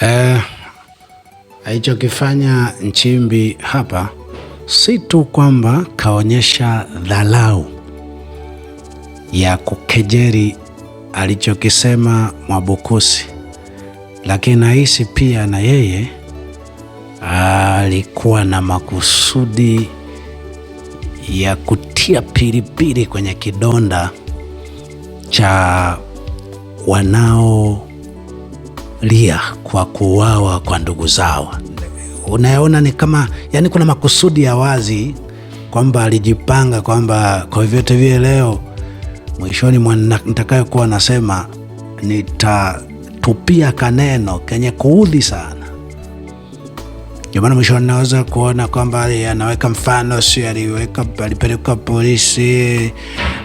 eh, alichokifanya Nchimbi hapa si tu kwamba kaonyesha dharau ya kukejeri alichokisema Mwabukusi, lakini nahisi pia na yeye alikuwa na makusudi ya kutia pilipili kwenye kidonda cha wanao lia kwa kuuawa kwa ndugu zao. Unaona, ni kama yani kuna makusudi ya wazi kwamba alijipanga kwamba kwa vyovyote vile leo mwishoni mwa nitakayokuwa nasema nitatupia kaneno kenye kuudhi sana. Ndio maana mwishoni naweza kuona kwamba anaweka mfano, si aliweka, alipelekwa polisi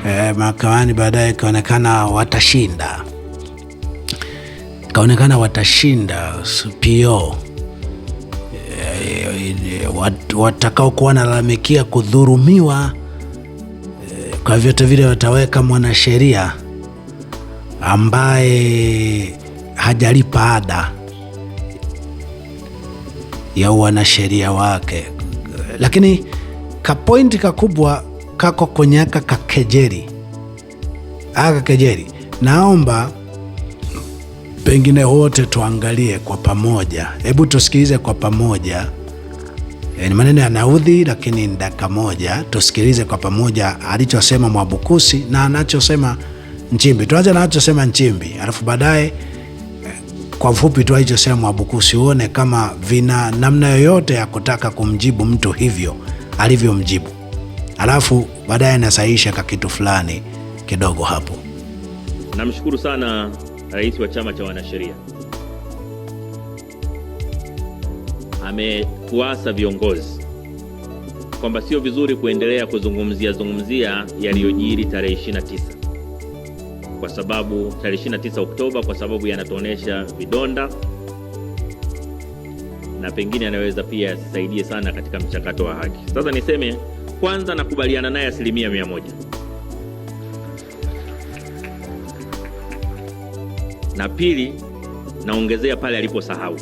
eh, mahakamani, baadaye ikaonekana watashinda kaonekana watashinda PO watakaokuwa nalalamikia kudhurumiwa eh, kwa vyote vile wataweka mwanasheria ambaye hajalipa ada ya uwanasheria wake, lakini kapointi kakubwa kako kwenye aka kakejeri aka kejeri, naomba pengine wote tuangalie kwa pamoja, hebu tusikilize kwa pamoja. E, ni maneno yanaudhi, lakini ni dakika moja, tusikilize kwa pamoja alichosema Mwabukusi na anachosema Nchimbi. Tuanze anachosema Nchimbi alafu baadaye e, kwa ufupi tu alichosema Mwabukusi, uone kama vina namna yoyote ya kutaka kumjibu mtu hivyo alivyomjibu, alafu baadaye anasahihisha ka kitu fulani kidogo hapo. Namshukuru sana rais wa chama cha wanasheria ametuasa viongozi kwamba sio vizuri kuendelea kuzungumzia zungumzia yaliyojiri tarehe 29 kwa sababu tarehe 29 Oktoba, kwa sababu yanatuonesha vidonda na pengine anaweza pia yasisaidie sana katika mchakato wa haki. Sasa niseme kwanza, nakubaliana naye asilimia mia moja. na pili, naongezea pale aliposahau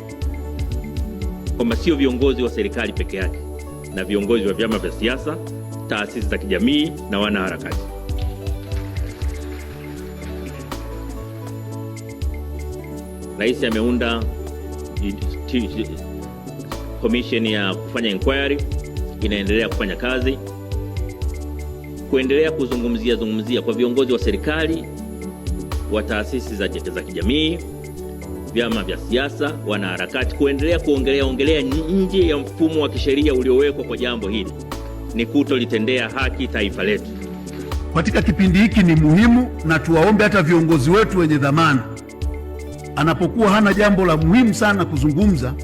kwamba sio viongozi wa serikali peke yake, na viongozi wa vyama vya siasa, taasisi za kijamii na wanaharakati. Rais ameunda komisheni ya kufanya inquiry, inaendelea kufanya kazi, kuendelea kuzungumzia zungumzia kwa viongozi wa serikali wa taasisi za, za kijamii, vyama vya siasa, wanaharakati kuendelea kuongelea ongelea nje ya mfumo wa kisheria uliowekwa kwa jambo hili ni kutolitendea haki taifa letu. Katika kipindi hiki ni muhimu, na tuwaombe hata viongozi wetu wenye dhamana, anapokuwa hana jambo la muhimu sana kuzungumza,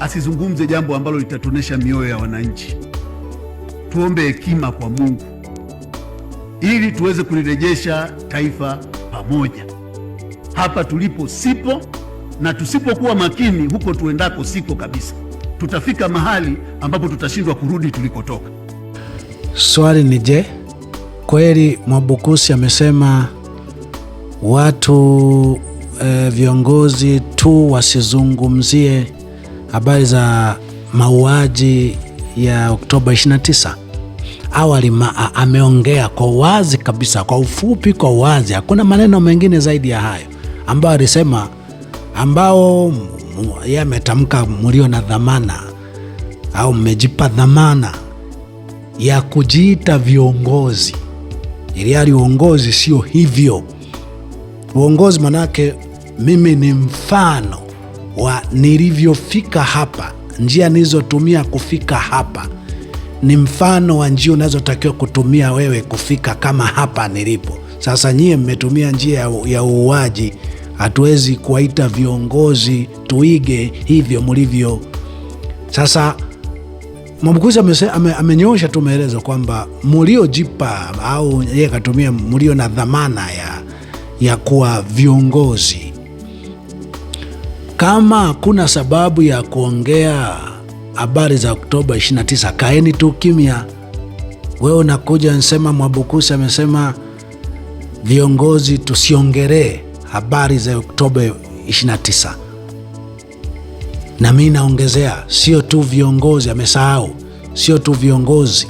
asizungumze jambo ambalo litatonesha mioyo ya wananchi. Tuombe hekima kwa Mungu ili tuweze kulirejesha taifa pamoja. Hapa tulipo sipo, na tusipokuwa makini, huko tuendako siko kabisa. Tutafika mahali ambapo tutashindwa kurudi tulikotoka. Swali ni je, kweli Mwabukusi amesema watu e, viongozi tu wasizungumzie habari za mauaji ya Oktoba 29? awali ma, ameongea kwa wazi kabisa, kwa ufupi, kwa wazi, hakuna maneno mengine zaidi ya hayo ambayo alisema, ambao yeye ametamka, mlio na dhamana au mmejipa dhamana ya kujiita viongozi, ili hali uongozi sio hivyo. Uongozi manake mimi ni mfano wa nilivyofika hapa, njia nilizotumia kufika hapa ni mfano wa njia unazotakiwa kutumia wewe kufika kama hapa nilipo. Sasa nyie mmetumia njia ya uuaji, hatuwezi kuwaita viongozi tuige hivyo mlivyo. Sasa Mwamkuzi amenyoosha tu maelezo kwamba muliojipa au yeye akatumia mulio na dhamana ya, ya kuwa viongozi, kama kuna sababu ya kuongea habari za Oktoba 29. Kaeni tu kimya. Wewe unakuja nsema, Mwabukusi amesema viongozi tusiongelee habari za Oktoba 29, na mi naongezea, sio tu viongozi, amesahau, sio tu viongozi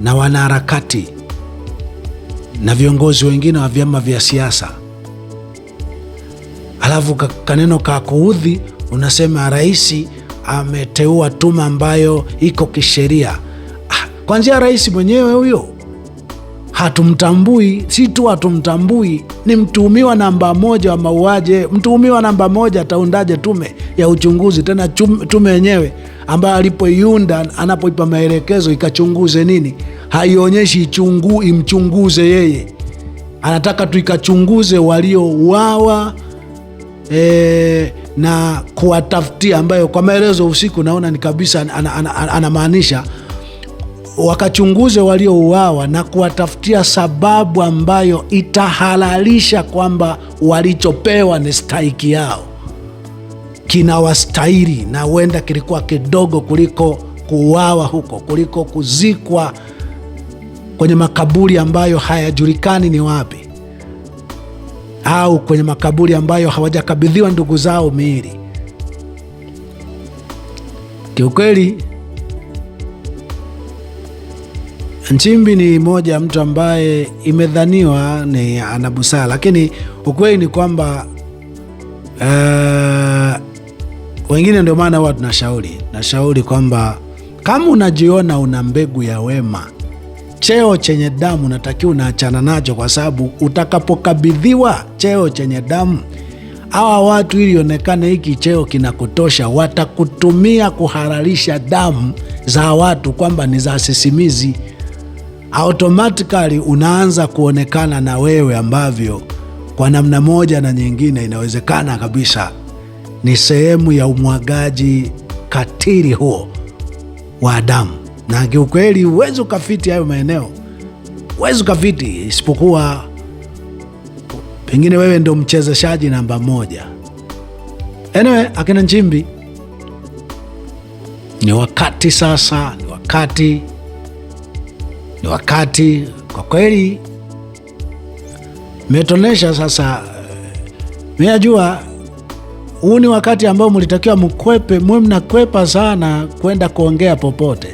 na wanaharakati na viongozi wengine wa vyama vya siasa. Alafu kaneno kuudhi unasema raisi ameteua tume ambayo iko kisheria. Ah, kwanzia rais mwenyewe huyo hatumtambui, si tu hatumtambui, ni mtuhumiwa namba moja wa mauaji. Mtuhumiwa namba moja ataundaje tume ya uchunguzi? Tena tume yenyewe ambayo alipoiunda, anapoipa maelekezo ikachunguze nini, haionyeshi chungu, imchunguze yeye. Anataka tu ikachunguze waliouawa, e, na kuwatafutia, ambayo kwa maelezo usiku naona ni kabisa anamaanisha wakachunguze waliouawa na kuwatafutia sababu ambayo itahalalisha kwamba walichopewa ni stahiki yao, kinawastahili na huenda kilikuwa kidogo kuliko kuuawa huko, kuliko kuzikwa kwenye makaburi ambayo hayajulikani ni wapi au kwenye makaburi ambayo hawajakabidhiwa ndugu zao miili. Kiukweli, Nchimbi ni moja ya mtu ambaye imedhaniwa ni ana busara, lakini ukweli ni kwamba uh, wengine ndio maana huwa tunashauri nashauri kwamba kama unajiona una mbegu ya wema cheo chenye damu natakiwa unaachana nacho, kwa sababu utakapokabidhiwa cheo chenye damu, hawa watu ili onekane hiki cheo kinakutosha, watakutumia kuhalalisha damu za watu kwamba ni za sisimizi. Automatically unaanza kuonekana na wewe ambavyo kwa namna moja na nyingine inawezekana kabisa ni sehemu ya umwagaji katili huo wa damu na kiukweli huwezi ukafiti hayo maeneo, huwezi ukafiti, isipokuwa pengine wewe ndo mchezeshaji namba moja. Anyway, akina Nchimbi, ni wakati sasa, ni wakati, ni wakati kwa kweli metonesha sasa. Eh, miajua huu ni wakati ambao mlitakiwa mkwepe, mwe mnakwepa sana kwenda kuongea popote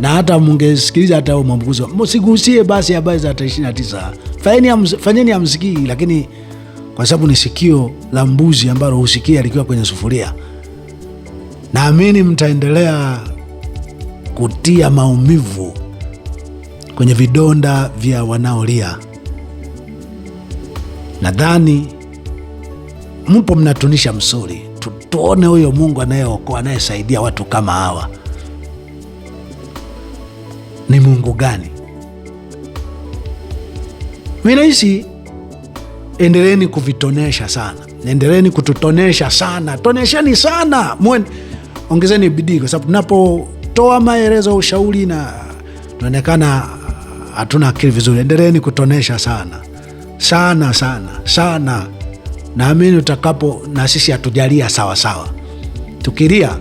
na hata mungesikiliza hata mwambukuzi, msigusie basi habari za tarehe ishirini na tisa. Fanyeni hamsikii, lakini kwa sababu ni sikio la mbuzi ambalo husikia likiwa kwenye sufuria, naamini mtaendelea kutia maumivu kwenye vidonda vya wanaolia. Nadhani mpo mnatunisha msuri, tuone huyo Mungu anayeokoa anayesaidia watu kama hawa ni Mungu gani? Minahisi endeleni kuvitonesha sana, endeleni kututonesha sana, tonesheni sana Mwen... ongezeni bidii, kwa sababu tunapotoa maelezo, ushauri na tunaonekana hatuna akili vizuri. Endeleni kutonesha sana sana sana sana. Naamini utakapo na sisi hatujalia sawasawa, tukilia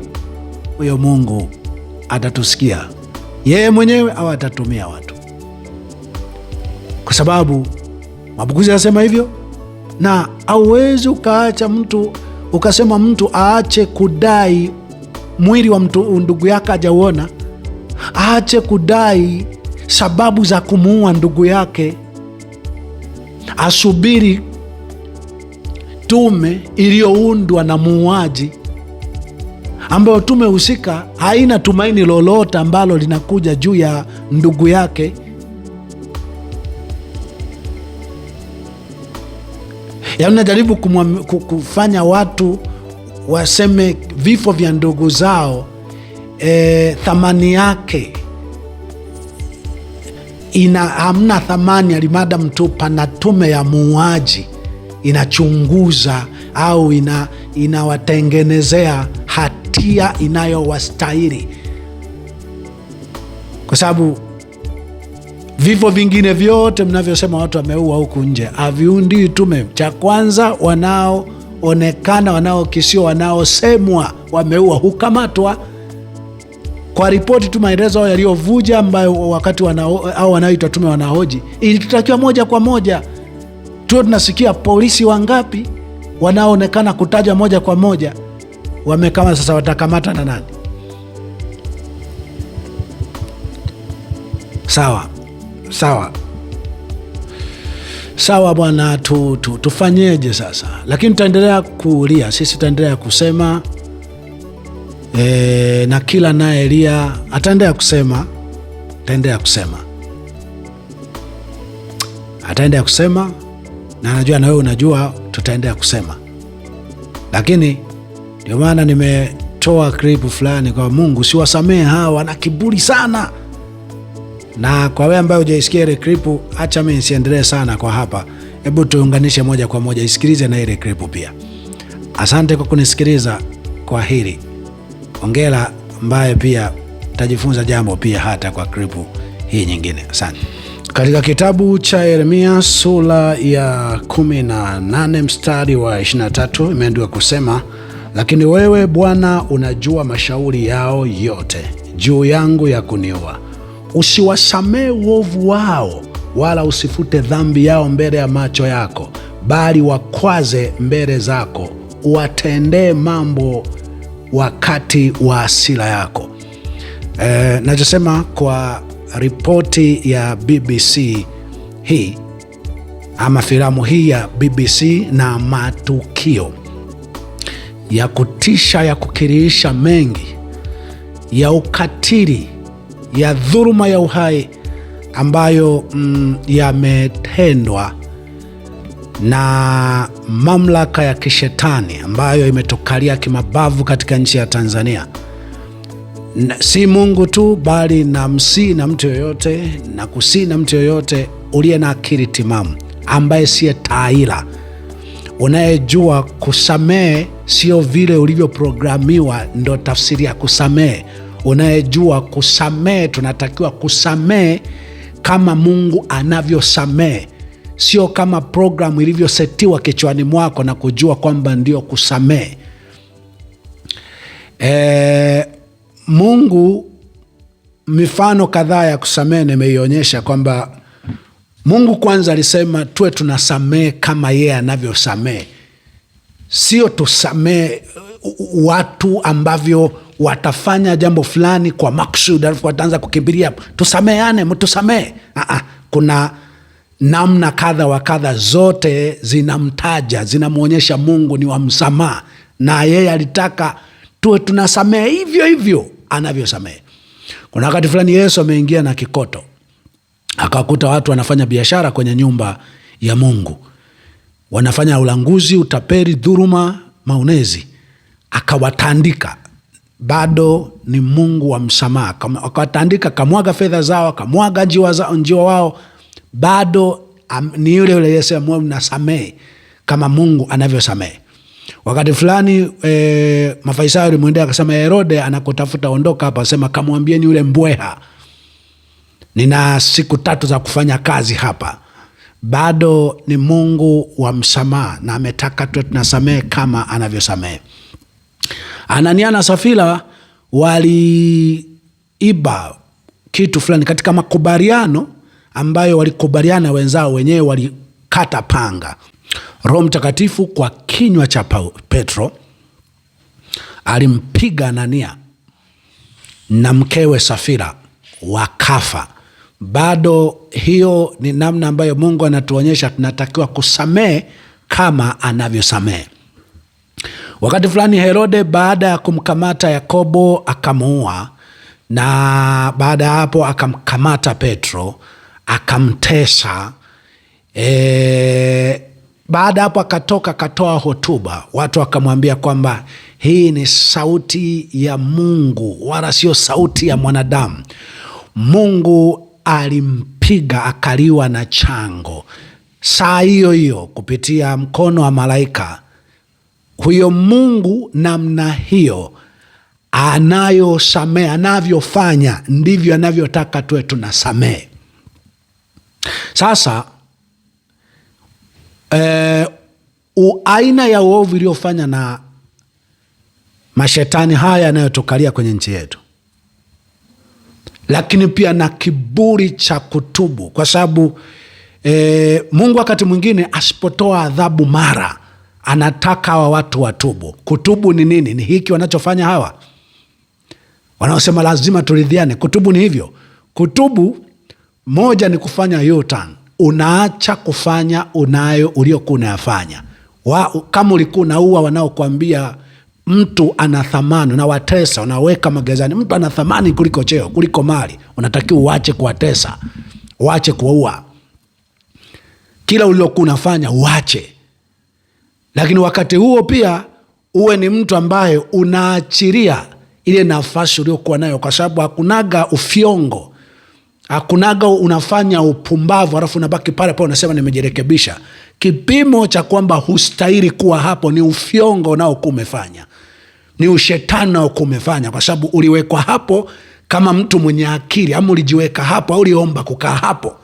huyo Mungu atatusikia yeye mwenyewe au atatumia watu, kwa sababu mabukuzi anasema hivyo, na auwezi ukaacha mtu ukasema mtu aache kudai mwili wa mtu ndugu yake ajauona aache kudai sababu za kumuua ndugu yake, asubiri tume iliyoundwa na muuaji ambayo tume husika haina tumaini lolote ambalo linakuja juu ya ndugu yake. Yaani najaribu kufanya watu waseme vifo vya ndugu zao e, thamani yake ina hamna thamani alimadam tu pana tume ya muuaji inachunguza au inawatengenezea ina njia inayowastahili, kwa sababu vifo vingine vyote mnavyosema watu wameua huku nje haviundii tume. Cha kwanza, wanaoonekana, wanaokisiwa, wanaosemwa wameua hukamatwa kwa ripoti tu, maelezo ao yaliyovuja, ambayo wakati au wanaoitwa tume wanahoji, ilitutakiwa moja kwa moja tuwe tunasikia polisi wangapi wanaoonekana kutajwa moja kwa moja, wamekama sasa, watakamata na nani? Sawa sawa sawa, bwana tu, tu, tufanyeje sasa? Lakini tutaendelea kulia sisi, tutaendelea kusema e, na kila naye lia ataendelea kusema, ataendelea kusema, ataendelea kusema na najua na wewe unajua, tutaendelea kusema lakini ndio maana nimetoa klipu fulani kwa Mungu, siwasamehe hawa, wana kiburi sana. Na kwa wewe ambaye hujaisikia ile klipu, acha mimi nisiendelee sana kwa hapa, hebu tuunganishe moja kwa moja, isikilize na ile klipu pia. Asante kwa kunisikiliza kwa hili, ongera ambaye pia tajifunza jambo pia hata kwa klipu hii nyingine. Asante. Katika kitabu cha Yeremia sura ya 18 mstari wa 23 imeandikwa kusema lakini wewe Bwana unajua mashauri yao yote juu yangu ya kuniua. usiwasamee uovu wao, wala usifute dhambi yao mbele ya macho yako, bali wakwaze mbele zako, uwatendee mambo wakati wa hasira yako. E, eh, nachosema kwa ripoti ya BBC hii ama filamu hii ya BBC na matukio ya kutisha ya kukiriisha mengi, ya ukatili, ya dhuluma ya uhai ambayo mm, yametendwa na mamlaka ya kishetani ambayo imetokalia kimabavu katika nchi ya Tanzania. Na, si Mungu tu bali na msii na mtu yoyote na kusii na mtu yoyote uliye na akili timamu ambaye siye taila unayejua kusamehe sio vile ulivyoprogramiwa, ndo tafsiri ya kusamehe. Unayejua kusamehe, tunatakiwa kusamehe kama Mungu anavyosamehe, sio kama programu ilivyosetiwa kichwani mwako na kujua kwamba ndio kusamehe. E, Mungu mifano kadhaa ya kusamehe nimeionyesha kwamba Mungu kwanza alisema tuwe tunasamehe kama yeye anavyosamehe, sio tusamehe uh, uh, watu ambavyo watafanya jambo fulani kwa maksud alafu wataanza kukimbilia tusameheane, mtusamehe. Kuna namna kadha wa kadha, zote zinamtaja zinamwonyesha Mungu ni wa msamaha, na yeye alitaka tuwe tunasamehe hivyo hivyo anavyosamehe. Kuna wakati fulani Yesu ameingia na kikoto akawakuta watu wanafanya biashara kwenye nyumba ya Mungu, wanafanya ulanguzi, utaperi, dhuruma, maonezi. Akawatandika, bado ni Mungu wa msamaha. Akawatandika, akamwaga fedha zao, akamwaga njiwa, njiwa wao, bado am, ni yule yule aliyesema kama Mungu anavyosamehe. Wakati fulani e, Mafarisayo alimwendea akasema, Herode anakutafuta, ondoka hapa. Asema kamwambieni yule mbweha nina siku tatu za kufanya kazi hapa, bado ni Mungu wa msamaha na ametaka tuwe tunasamehe kama anavyosamehe. Anania na Safira waliiba kitu fulani katika makubaliano ambayo walikubaliana wenzao wenyewe, walikata panga. Roho Mtakatifu kwa kinywa cha Petro alimpiga Anania na mkewe Safira, wakafa bado hiyo ni namna ambayo Mungu anatuonyesha tunatakiwa kusamehe kama anavyosamehe. Wakati fulani Herode, baada ya kumkamata Yakobo akamuua, na baada ya hapo akamkamata Petro akamtesa. E, baada ya hapo akatoka akatoa hotuba, watu wakamwambia kwamba hii ni sauti ya Mungu wala sio sauti ya mwanadamu. Mungu alimpiga akaliwa na chango. Saa hiyo hiyo kupitia mkono wa malaika huyo, Mungu namna hiyo anayosamehe, anavyofanya ndivyo anavyotaka tuwe tunasamehe. Sasa eh, aina ya uovu iliyofanya na mashetani haya yanayotukalia kwenye nchi yetu lakini pia na kiburi cha kutubu, kwa sababu e, Mungu wakati mwingine asipotoa adhabu mara anataka hawa watu watubu. Kutubu ni nini? Ni hiki wanachofanya hawa wanaosema lazima turidhiane. Kutubu ni hivyo. Kutubu moja ni kufanya U-turn, unaacha kufanya unayo uliokuwa unayafanya. Kama ulikuwa unaua wanaokuambia mtu ana thamani, unawatesa unaweka magerezani. Mtu ana thamani kuliko cheo, kuliko mali. Unatakiwa uache kuwatesa, uache kuwaua, kila uliokuwa unafanya uache, lakini wakati huo pia uwe ni mtu ambaye unaachiria ile nafasi uliokuwa nayo, kwa sababu hakunaga ufyongo, hakunaga unafanya upumbavu alafu unabaki pale pale unasema nimejirekebisha. Kipimo cha kwamba hustahili kuwa hapo ni ufyongo unaokuwa umefanya ni ushetani naoko umefanya, kwa sababu uliwekwa hapo kama mtu mwenye akili, ama ulijiweka hapo au uliomba kukaa hapo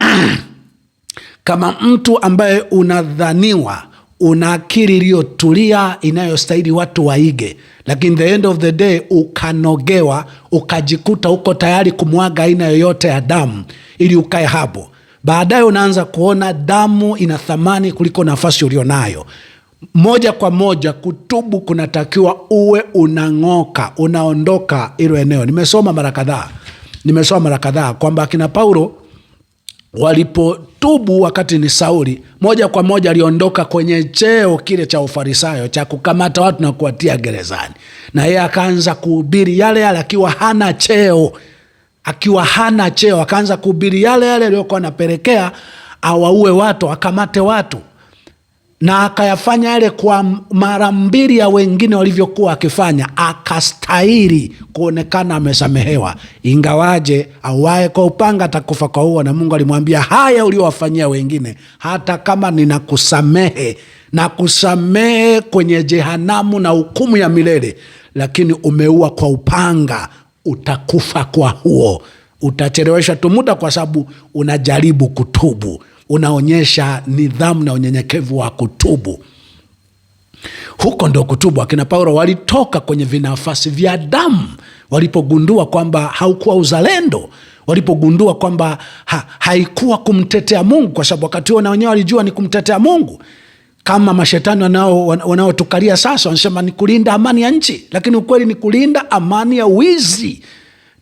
kama mtu ambaye unadhaniwa una akili iliyotulia inayostahili watu waige, lakini the end of the day ukanogewa, ukajikuta uko tayari kumwaga aina yoyote ya damu ili ukae hapo. Baadaye unaanza kuona damu ina thamani kuliko nafasi ulionayo moja kwa moja kutubu kunatakiwa uwe unang'oka, unaondoka hilo eneo. Nimesoma mara kadhaa, nimesoma mara kadhaa kwamba akina Paulo walipotubu wakati ni Sauli, moja kwa moja aliondoka kwenye cheo kile cha ufarisayo cha kukamata watu na kuwatia gerezani, na yeye akaanza kuhubiri yale yale akiwa hana cheo, akiwa hana cheo, akaanza kuhubiri yale yale aliyokuwa anapelekea awaue watu, akamate watu na akayafanya yale kwa mara mbili ya wengine walivyokuwa akifanya, akastahili kuonekana amesamehewa. Ingawaje auaye kwa upanga atakufa kwa huo, na Mungu alimwambia, haya uliowafanyia wengine, hata kama ninakusamehe na kusamehe kwenye jehanamu na hukumu ya milele, lakini umeua kwa upanga, utakufa kwa huo, utacheleweshwa tu muda, kwa sababu unajaribu kutubu unaonyesha nidhamu na unyenyekevu wa kutubu. Huko ndo kutubu. Akina Paulo walitoka kwenye vinafasi vya damu walipogundua kwamba haukuwa uzalendo, walipogundua kwamba ha, haikuwa kumtetea Mungu, kwa sababu wakati huo na wenyewe walijua ni kumtetea Mungu kama mashetani wanaotukalia sasa wanasema ni kulinda amani ya nchi, lakini ukweli ni kulinda amani ya wizi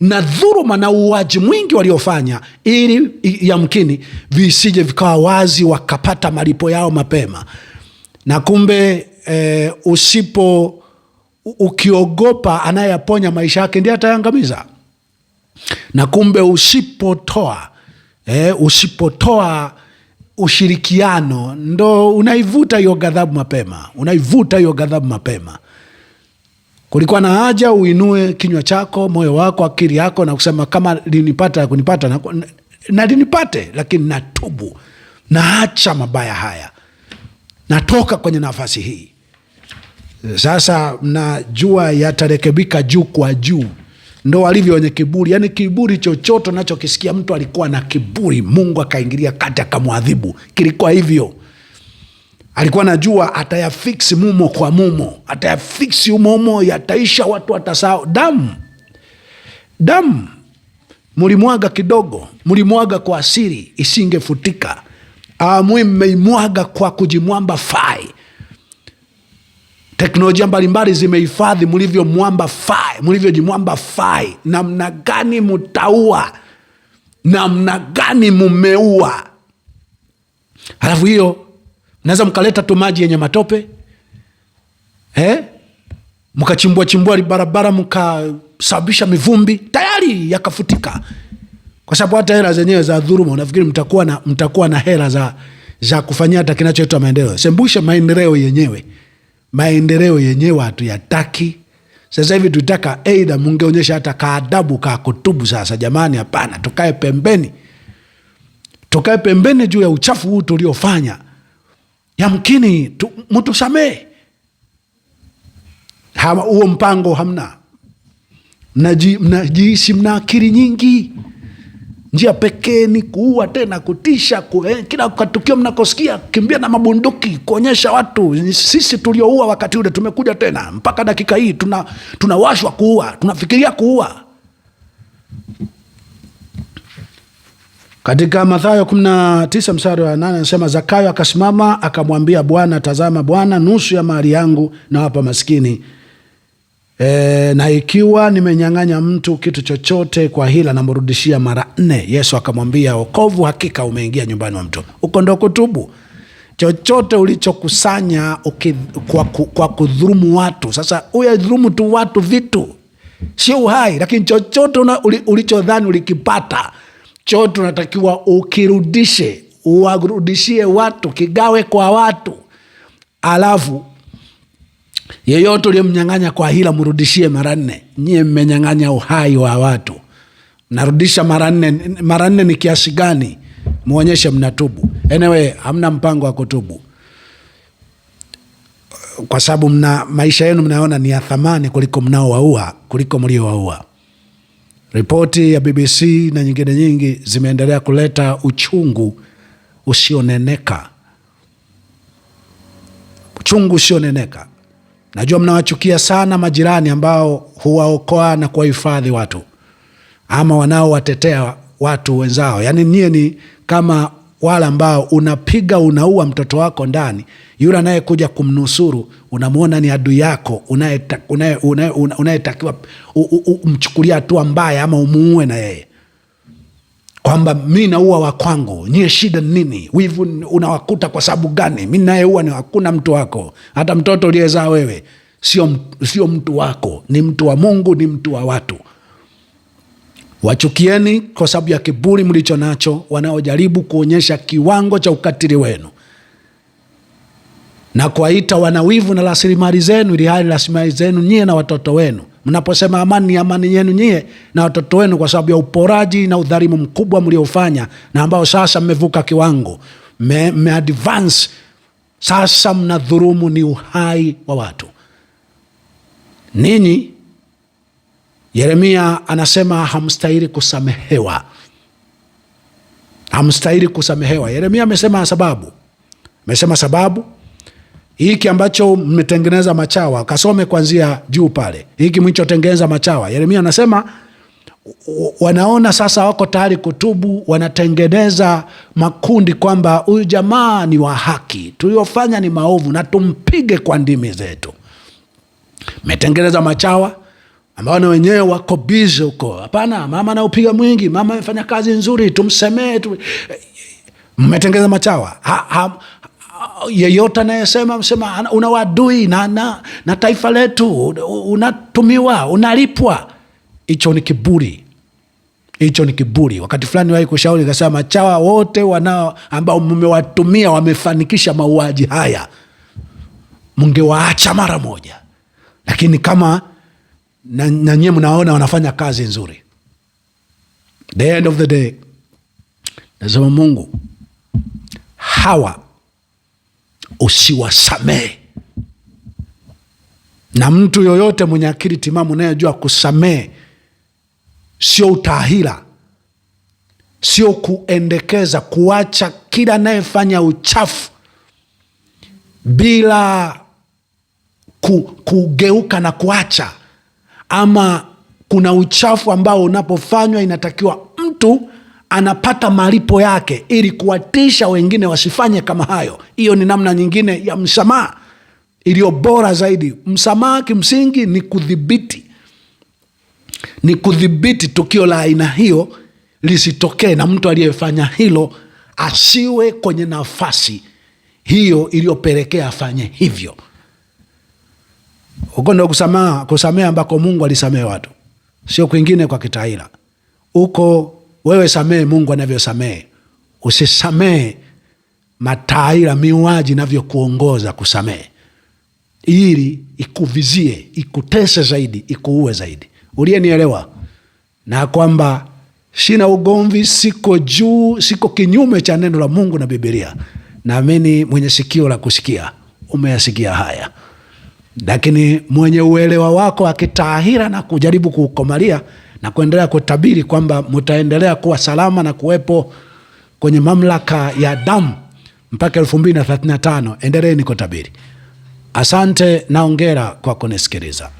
na dhuruma na uuaji mwingi waliofanya, ili yamkini visije vikawa wazi wakapata malipo yao mapema. Na kumbe e, usipo ukiogopa anayeyaponya maisha yake ndiye atayangamiza Na kumbe usipotoa e, usipotoa ushirikiano ndo unaivuta hiyo ghadhabu mapema, unaivuta hiyo ghadhabu mapema. Kulikuwa na haja uinue kinywa chako, moyo wako, akili yako na kusema kama linipata kunipata na, na linipate, lakini natubu, naacha mabaya haya, natoka kwenye nafasi hii. Sasa jua yatarekebika juu kwa juu, ndo walivyo wenye kiburi. Yani kiburi chochote unachokisikia, mtu alikuwa na kiburi, Mungu akaingilia kati akamwadhibu, kilikuwa hivyo alikuwa najua atayafiksi mumo kwa mumo, atayafiksi umomo, yataisha, watu watasahau. Damu damu mulimwaga kidogo, mulimwaga kwa asiri isingefutika, amwi mmeimwaga kwa kujimwamba fai. Teknolojia mbalimbali zimehifadhi mulivyomwamba fai, mulivyojimwamba fai, namna gani mutaua, namna gani mumeua, halafu hiyo naweza mkaleta tu maji yenye matope eh? mkachimbua chimbua barabara mkasababisha mivumbi tayari yakafutika, kwa sababu hata hela zenyewe za dhuruma unafikiri mtakuwa na, mtakuwa na hela za, za kufanyia hata kinachoitwa maendeleo? Sembusha maendeleo yenyewe, maendeleo yenyewe hatuyataki. Sasa hivi tutaka eidha mungeonyesha hata kaadabu ka kutubu Sasa jamani, hapana, tukae pembeni, tukae pembeni juu ya uchafu huu tuliofanya yamkini mutusamee Huo mpango hamna, mnajiishi mna akili nyingi. Njia pekee ni kuua tena, kutisha ku, eh, kila katukio mnakosikia kimbia na mabunduki kuonyesha watu sisi tulioua wakati ule tumekuja tena, mpaka dakika hii tunawashwa tuna kuua, tunafikiria kuua Katika Mathayo 19 mstari wa 8 anasema, Zakayo akasimama akamwambia Bwana, tazama Bwana, nusu ya mali yangu wapa maskini E, na ikiwa nimenyang'anya mtu kitu chochote kwa hila namrudishia mara nne. Yesu akamwambia, wokovu hakika umeingia nyumbani wa mtu. Uko ndo kutubu chochote ulichokusanya kwa, kwa kudhulumu watu. Sasa dhulumu tu watu vitu, sio uhai, lakini chochote ulichodhani ulikipata choo tunatakiwa ukirudishe, uwarudishie watu, kigawe kwa watu, alafu yeyote uliyemnyang'anya kwa hila mrudishie mara nne. Nyie mmenyang'anya uhai wa watu, narudisha mara nne. Mara nne ni kiasi gani? Mwonyeshe mnatubu. Anyway, hamna mpango wa kutubu kwa sababu mna maisha yenu mnaona ni ya thamani kuliko mnaowaua, kuliko mliowaua. Ripoti ya BBC na nyingine nyingi zimeendelea kuleta uchungu usioneneka, uchungu usioneneka. Najua mnawachukia sana majirani ambao huwaokoa na kuwahifadhi watu ama wanaowatetea watu wenzao, yaani nyie ni kama wala ambao unapiga unaua mtoto wako ndani, yule anayekuja kumnusuru unamwona ni adui yako unayetakiwa umchukulia hatua mbaya ama umuue na yeye, kwamba mi naua wa kwangu, nyie shida nini? Wivu unawakuta kwa sababu gani? Mi nayeua ni hakuna mtu wako, hata mtoto uliyezaa wewe sio, sio mtu wako, ni mtu wa Mungu, ni mtu wa watu. Wachukieni kwa sababu ya kiburi mlicho nacho wanaojaribu kuonyesha kiwango cha ukatili wenu na kuwaita wanawivu na rasilimali zenu, ili hali rasilimali zenu nyie na watoto wenu. Mnaposema amani, ni amani yenu nyie na watoto wenu, kwa sababu ya uporaji na udhalimu mkubwa mliofanya, na ambao sasa mmevuka kiwango, mmeadvance sasa, mnadhurumu ni uhai wa watu ninyi Yeremia anasema hamstahili kusamehewa, hamstahili kusamehewa. Yeremia amesema sababu, amesema sababu hiki ambacho mmetengeneza machawa, kasome kwanzia juu pale, hiki mlichotengeneza machawa. Yeremia anasema wanaona sasa wako tayari kutubu, wanatengeneza makundi kwamba huyu jamaa ni wa haki, tuliofanya ni maovu na tumpige kwa ndimi zetu. Mmetengeneza machawa ambao na wenyewe wako bize huko. Hapana, mama anaupiga mwingi, mama amefanya kazi nzuri, tumsemee tu. Mmetengeza machawa ha, ha, yeyote anayesema msema una wadui na, na, na taifa letu, unatumiwa unalipwa. Hicho ni kiburi, hicho ni kiburi. Wakati fulani wahi kushauri kasema, machawa wote wanao ambao mmewatumia wamefanikisha mauaji haya, mngewaacha mara moja, lakini kama na, nyie mnaona wanafanya kazi nzuri. The end of the day nasema Mungu, hawa usiwasamehe. Na mtu yoyote mwenye akili timamu unayejua kusamehe sio utahira, sio kuendekeza, kuacha kila anayefanya uchafu bila kugeuka na kuacha ama kuna uchafu ambao unapofanywa inatakiwa mtu anapata malipo yake ili kuwatisha wengine wasifanye kama hayo. Hiyo ni namna nyingine ya msamaha iliyo bora zaidi. Msamaha kimsingi ni kudhibiti, ni kudhibiti tukio la aina hiyo lisitokee, na mtu aliyefanya hilo asiwe kwenye nafasi hiyo iliyopelekea afanye hivyo. Huko ndo kusamea, kusamea ambako Mungu alisamehe watu, sio kwingine kwa kitaila. Huko wewe samee Mungu anavyosamee, usisamee mataila miwaji navyokuongoza kusamee, ili ikuvizie, ikutese zaidi, ikuue zaidi. Uliyenielewa na kwamba sina ugomvi, siko juu, siko kinyume cha neno la Mungu na Bibilia. Naamini mwenye sikio la kusikia umeyasikia haya. Lakini mwenye uelewa wako akitaahira na kujaribu kuukomalia na kuendelea kutabiri kwamba mtaendelea kuwa salama na kuwepo kwenye mamlaka ya damu mpaka elfu mbili na thelathini na tano, endeleeni kutabiri. Asante na ongera kwa kunisikiliza.